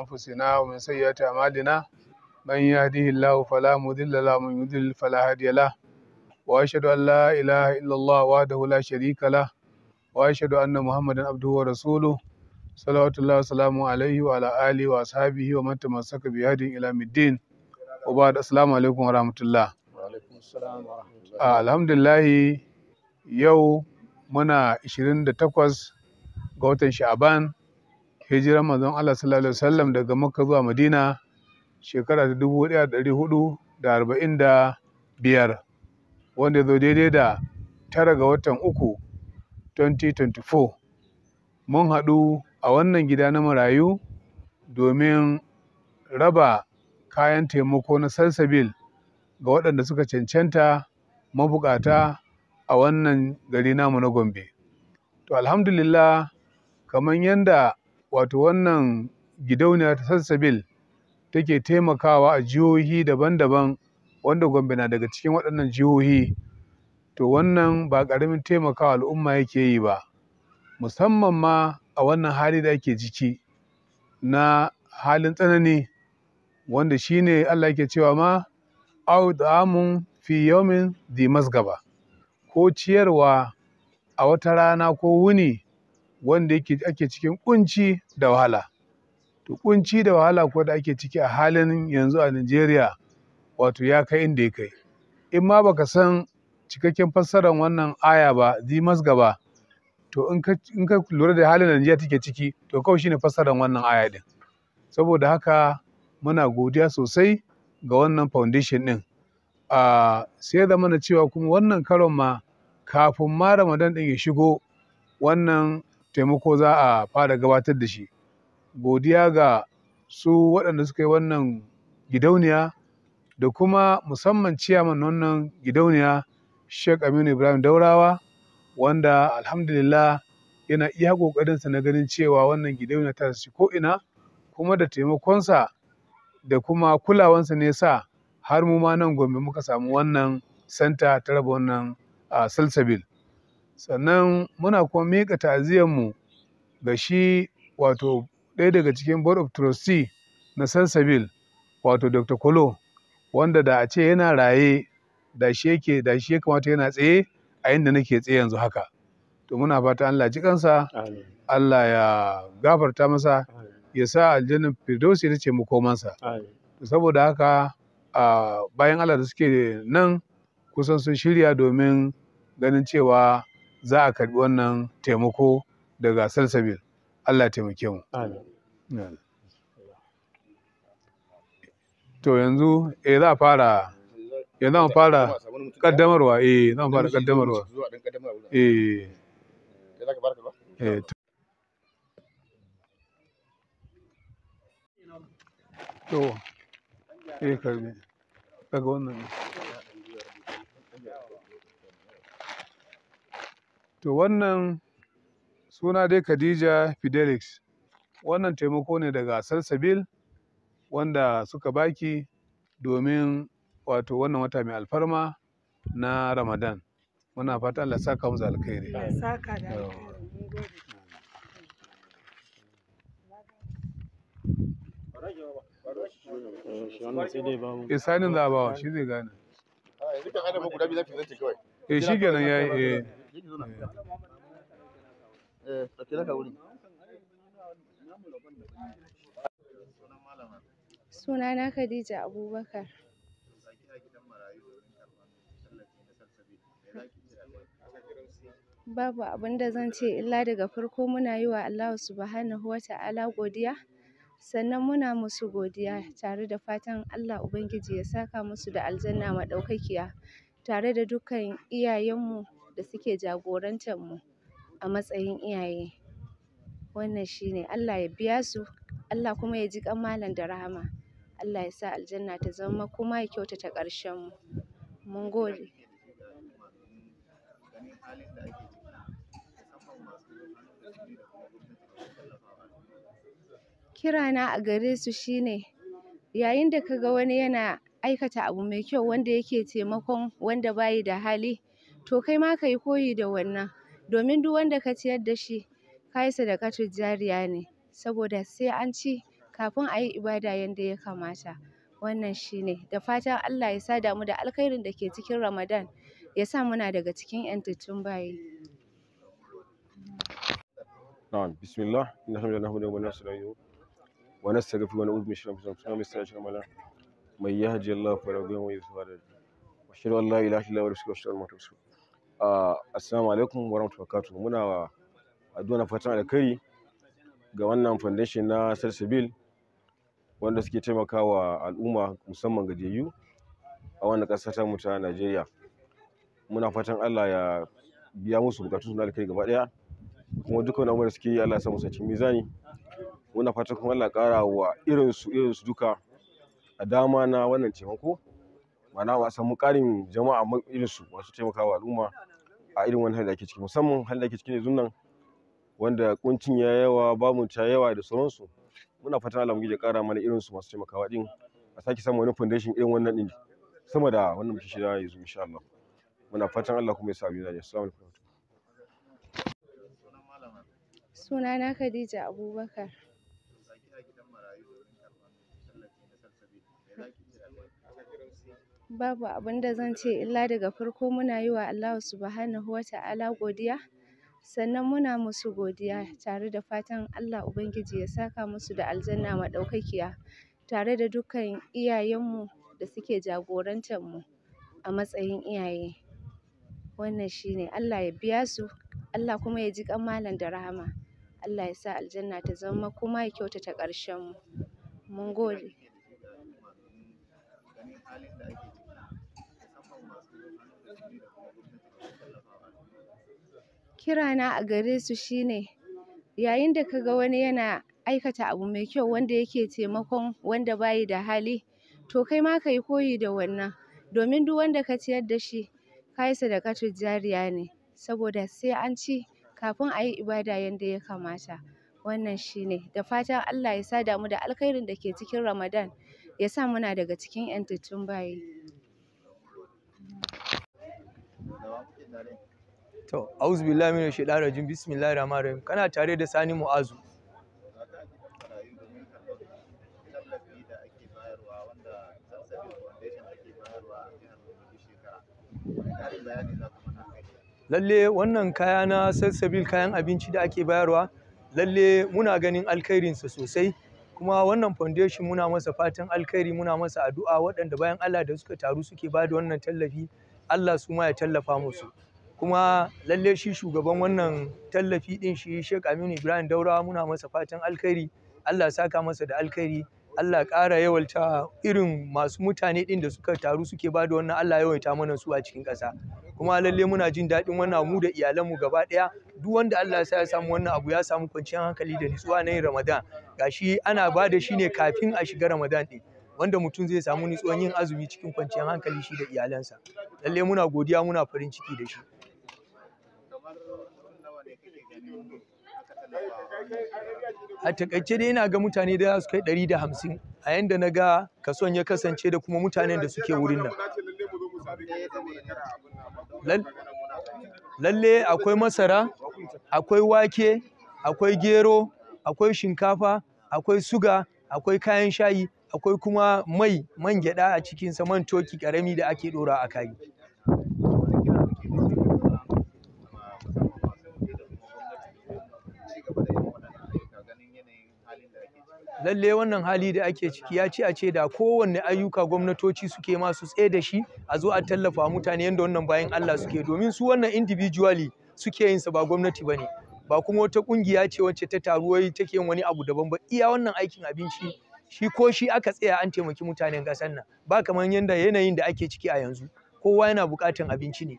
أنفسنا ومن سيئات أعمالنا من يهده الله فلا مضل له ومن يضلل فلا هادي له وأشهد أن لا إله إلا الله وحده لا شريك له وأشهد أن محمدا عبده ورسوله صلوات الله وسلامه عليه وعلى آله وأصحابه ومن تمسك بهدي إلى الدين وبعد السلام عليكم ورحمة الله alhamdulillah yau muna 28 ga watan sha'aban hijiran manzon Allah sallallahu alaihi wasallam daga Makka zuwa Madina shekara ta dubu ɗaya da ɗari hudu da arba'in da biyar wanda ya zo daidai da tara ga watan uku 2024 mun haɗu a wannan gida na marayu domin raba kayan taimako na salsabil ga waɗanda suka cancanta mabukata a wannan gari namu na gombe to alhamdulillah kamar yadda wato wannan gidauniya ta sansabil take taimakawa a jihohi daban-daban wanda Gombe na daga cikin waɗannan jihohi. To wannan ba ƙaramin taimakawa al'umma yake yi ba, musamman ma a wannan hali da ake ciki na halin tsanani wanda shi ne Allah yake cewa ma au da'amun fi yomin di masgaba ko ciyarwa a wata rana ko wuni wanda yake ake cikin kunci da wahala to kunci da wahala ko da ake ciki a halin yanzu a Najeriya wato ya kai inda ya kai in ma baka san cikakken fassarar wannan aya ba zimas gaba to in ka lura da halin da Najeriya take ciki to kawai shine fassarar wannan aya din saboda haka muna godiya sosai ga wannan foundation ɗin, a sai da mana cewa kuma wannan karon ma kafin ma Ramadan din ya shigo wannan taimako za a fara gabatar da shi godiya ga su waɗanda suka yi wannan gidauniya da kuma musamman ciyaman wannan gidauniya Sheikh Aminu Ibrahim Daurawa wanda alhamdulillah yana iya ƙoƙarinsa na ganin cewa wannan gidauniya ta shi ko'ina kuma da taimakonsa da kuma kulawansa ne sa har mu ma nan Gombe muka samu wannan santa ta raba wannan ah, salsabil. sannan muna kuma miƙa ta'aziyarmu ga shi wato ɗaya daga cikin board of trustee na sansabil wato dr kolo wanda da a ce yana raye da shi yake da shi ya kamata yana tsaye a inda nake tsaye yanzu haka to muna fata Allah ji kansa Allah ya gafarta masa ya sa aljannin firdausi ta ce mu to saboda haka bayan Allah da suke nan kusan sun shirya domin ganin cewa za a karbi wannan taimako daga salsabil Allah taimake mu to yanzu eh za a fara yanzu an fara kaddamarwa eh zan fara kaddamarwa eh. Eh, eh to eh karbi daga wannan To wannan suna dai Khadija Fidelix. Wannan taimako ne daga Salsabil wanda suka baki domin wato wannan wata mai alfarma na Ramadan. Muna fata Allah saka musu alkhairi. Saka da alkhairi. Eh, Isanin zabawa shi zai gane. Ah, eh shi kenan ya yi. Eh. Eh, ɗauki wuri. Sunana Khadija Abubakar. Babu abin da zan ce illa daga farko muna yi wa Allahu subhanahu wa ta'ala godiya, sannan muna musu godiya tare da fatan Allah Ubangiji ya saka musu da aljanna maɗaukakiya, tare da dukkan iyayenmu da suke jagorantar mu a matsayin iyaye. Wannan shine Allah ya biya su, Allah kuma ya ji malam da rahama. Allah ya sa aljanna ta zama kuma ya kyautata ƙarshen mu. Mun gode. Kirana a gare su shine yayin da ka ga wani yana aikata abu mai kyau wanda yake taimakon wanda bayi da hali. to kai ma ka yi koyi da wannan domin duk wanda ka ciyar da shi ka yi sadakatun jariya ne saboda sai an ci kafin a yi ibada yanda ya kamata wannan shi ne da fatan Allah ya sada mu da alkhairin da ke cikin Ramadan ya sa muna daga cikin ƴantattun bayi نعم assalamu alaikum wa rahmatullahi muna addu'a na fatan alkhairi ga wannan foundation na Salsabil wanda suke taimakawa al'umma musamman ga jeyu a wannan ƙasa ta mu ta Najeriya muna fatan Allah ya biya musu bukatun su na alkhairi gaba daya kuma dukkan abu da suke yi Allah ya sa musu cikin mizani muna fatan kuma Allah ƙara wa irin su irin su duka a dama na wannan taimako ma'ana ba samu ƙarin jama'a irin su masu taimakawa al'umma a irin wani hali da ake ciki musamman hali da ake ciki yanzu nan wanda kuncin ya yawa babu ta yawa da sauransu muna fatan Allah mu ya kara mana irin su masu taimakawa din a sake samu wani foundation irin wannan din sama da wannan muke da yanzu insha Allah muna fatan Allah kuma ya sa da assalamu alaikum sunana Khadija Abubakar Babu abin da zan ce illa daga farko muna yi wa Allahu Subhanahu wa ta'ala godiya, sannan muna musu godiya tare da fatan Allah Ubangiji ya saka musu da aljanna maɗaukakiya tare da dukkan iyayenmu da suke jagorantar mu a matsayin iyaye. Wannan shine Allah ya biya su, Allah kuma ya ji malam da rahama. Allah ya sa aljanna ta zama kuma ya kyautata ƙarshen mu. Mun gode. Kirana a gare su shi yayin da ka ga wani yana aikata abu mai kyau wanda yake taimakon wanda ba yi da hali, to kai ma ka koyi da wannan, domin duk wanda ka ciyar da shi, ka yi jariya ne, saboda sai an ci kafin ayi ibada yanda ya kamata. Wannan shine, da fatan Allah ya sada mu da alkhairin da ke cikin Ramadan, ya sa muna daga cikin ƴantattun bayi. To, auzu billahi minash shaitani rajim. Bismillahir rahmanir rahim. Kana tare da Sani Mu'azu. Lalle wannan kaya na sassabil kayan abinci da ake bayarwa, lalle muna ganin alkhairinsa sosai. kuma wannan foundation muna masa fatan alkhairi muna masa addu'a waɗanda bayan Allah da suka taru suke ba da wannan tallafi Allah su ma ya tallafa musu kuma lallai shi shugaban wannan tallafi din shi Sheikh Aminu Ibrahim Daurawa muna masa fatan alkhairi Allah saka masa da alkhairi Allah ƙara yawalta irin masu mutane ɗin da suka taru suke ba da wannan Allah yawaita mana su a cikin ƙasa kuma lallai muna jin daɗin wannan mu da iyalanmu gaba ɗaya duk wanda Allah ya ya samu wannan abu ya samu kwanciyar hankali da nutsuwa na yin Ramadan gashi ana ba da shi ne kafin a shiga Ramadan ɗin wanda mutum zai samu nutsuwan yin azumi cikin kwanciyar hankali shi da iyalansa lallai muna godiya muna farin ciki da shi a takaice dai ina ga mutane da su kai ɗari da hamsin a yanda na ga kason ya kasance da kuma mutanen da suke wurin nan Lallai akwai masara akwai wake akwai gero akwai shinkafa akwai suga akwai kayan shayi akwai kuma mai man gyaɗa a cikinsa man toki ƙarami da ake ɗora a kai lalle wannan hali da ake ciki ya ce a ce da kowanne ayyuka gwamnatoci suke masu tsaye da shi a zo a tallafa mutane yadda wannan bayan Allah suke domin su wannan individually suke yin sa ba gwamnati ne, ba kuma wata ƙungiya ce wacce ta taruwa wai take yin wani abu daban ba iya wannan aikin abinci shi ko shi aka tsaya an taimaki mutanen ƙasar nan ba kamar yadda yanayin da ake ciki a yanzu kowa yana buƙatan abinci ne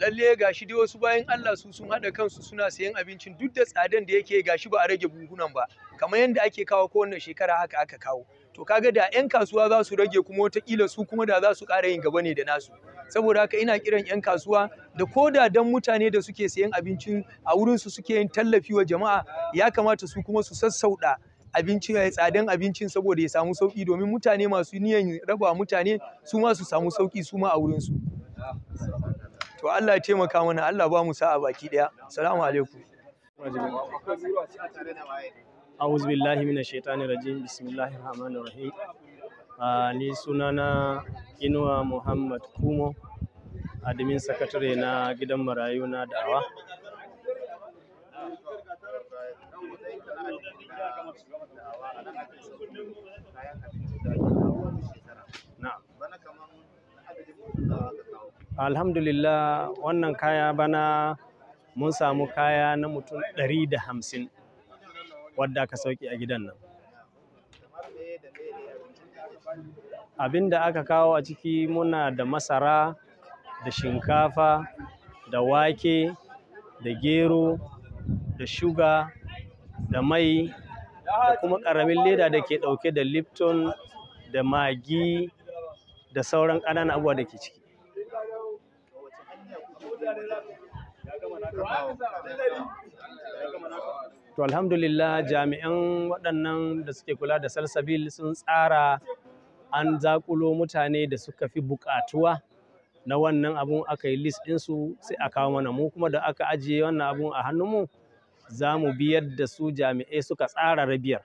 Lallai ga shi dai wasu bayan Allah su sun haɗa kansu suna sayan abincin duk da tsadan da yake ga shi ba a rage buhunan ba kamar yadda ake kawo kowane shekara haka aka kawo to kaga da 'yan kasuwa za su rage kuma watakila su kuma da za su ƙara yin gaba ne da nasu saboda haka ina kiran 'yan kasuwa da ko da dan mutane da suke sayan abincin a wurinsu suke yin tallafi wa jama'a ya kamata su kuma su sassauɗa abinci ya eh, tsadan abincin saboda ya samu sauki domin mutane masu niyan raba mutane su ma su samu sauki su ma a wurinsu to Allah ya taimaka mana Allah ba mu sa'a baki daya assalamu alaikum a'udhu billahi minash shaitani rajim bismillahir rahmanir rahim ah, ni sunana inuwa muhammad kumo admin secretary na gidan marayu na da'awa alhamdulillah wannan kaya bana mun samu kaya na mutum ɗari da hamsin wadda aka sauki a gidan nan abin da aka kawo a ciki muna da masara da shinkafa da wake da gero da shuga da mai da kuma ƙaramin leda da ke ɗauke da lipton da magi da sauran ƙananan abubuwa da ke ciki to alhamdulillah jami'an waɗannan da suke kula da salsabil sun tsara an zaƙulo mutane da suka fi buƙatuwa na wannan abun aka yi list ɗinsu sai a kawo mana mu kuma da aka ajiye wannan abun a hannunmu za mu biyar da su jami'ai suka tsara rabiyar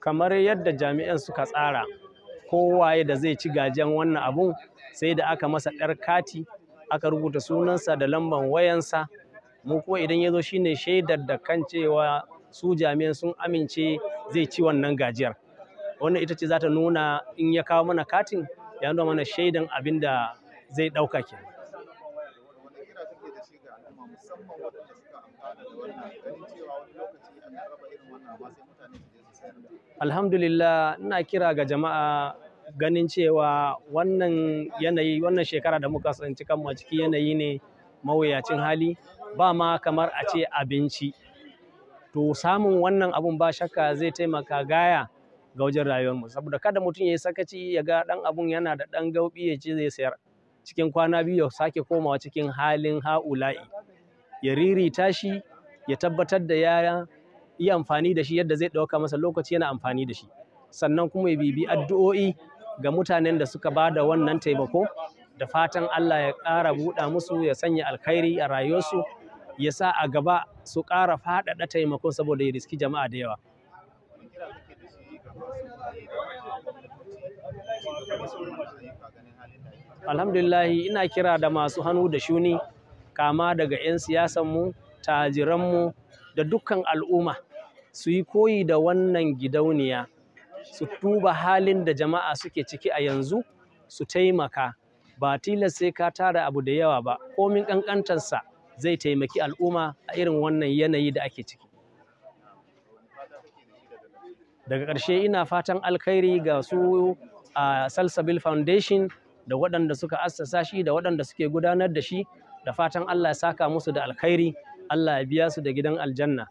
kamar yadda jami'an suka tsara kowaye da zai ci gajen wannan abun sai da aka masa ɗar kati aka rubuta sunansa da lamban wayansa mu kuma idan ya zo shine shaidar da kan cewa su jami'an sun amince zai ci wannan gajiyar wannan ita ce za ta nuna in ya kawo mana katin ya nuna mana shaidan abin da zai ɗauka ke alhamdulillah ina kira ga jama'a ganin cewa wannan yanayi wannan shekara da muka tsinci kan a ciki yanayi ne mawuyacin hali ba ma kamar a ce abinci to samun wannan abun ba shakka zai taimaka gaya ga wajen rayuwarmu saboda kada mutum ya yi sakaci ya ga ɗan abun yana da ɗan gauɓi ya ce zai sayar cikin kwana biyu ya sake komawa cikin halin ha'ula'i ya ririta shi ya tabbatar da ya yi amfani da shi yadda zai ɗauka masa lokaci yana amfani da shi sannan kuma ya bibi addu'o'i ga mutanen da suka ba da wannan taimako da fatan Allah ya ƙara buɗa musu ya sanya alkhairi a rayuwarsu ya sa a gaba su ƙara faɗaɗa taimakon saboda ya riski jama'a da yawa. Alhamdulillahi ina kira da masu hannu da shuni kama daga 'yan siyasanmu, tajiranmu da dukkan al'umma su yi koyi da wannan gidauniya. su tuba halin da jama'a suke ciki a yanzu su taimaka ba tilas sai ka tara abu da yawa ba komin ƙanƙantarsa zai taimaki al'umma a irin wannan yanayi da ake ciki daga ƙarshe ina fatan alkhairi ga su a salsabil foundation da waɗanda suka assasa shi da waɗanda suke gudanar da shi da fatan allah ya saka musu da alkhairi allah ya biya su da gidan aljanna